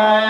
la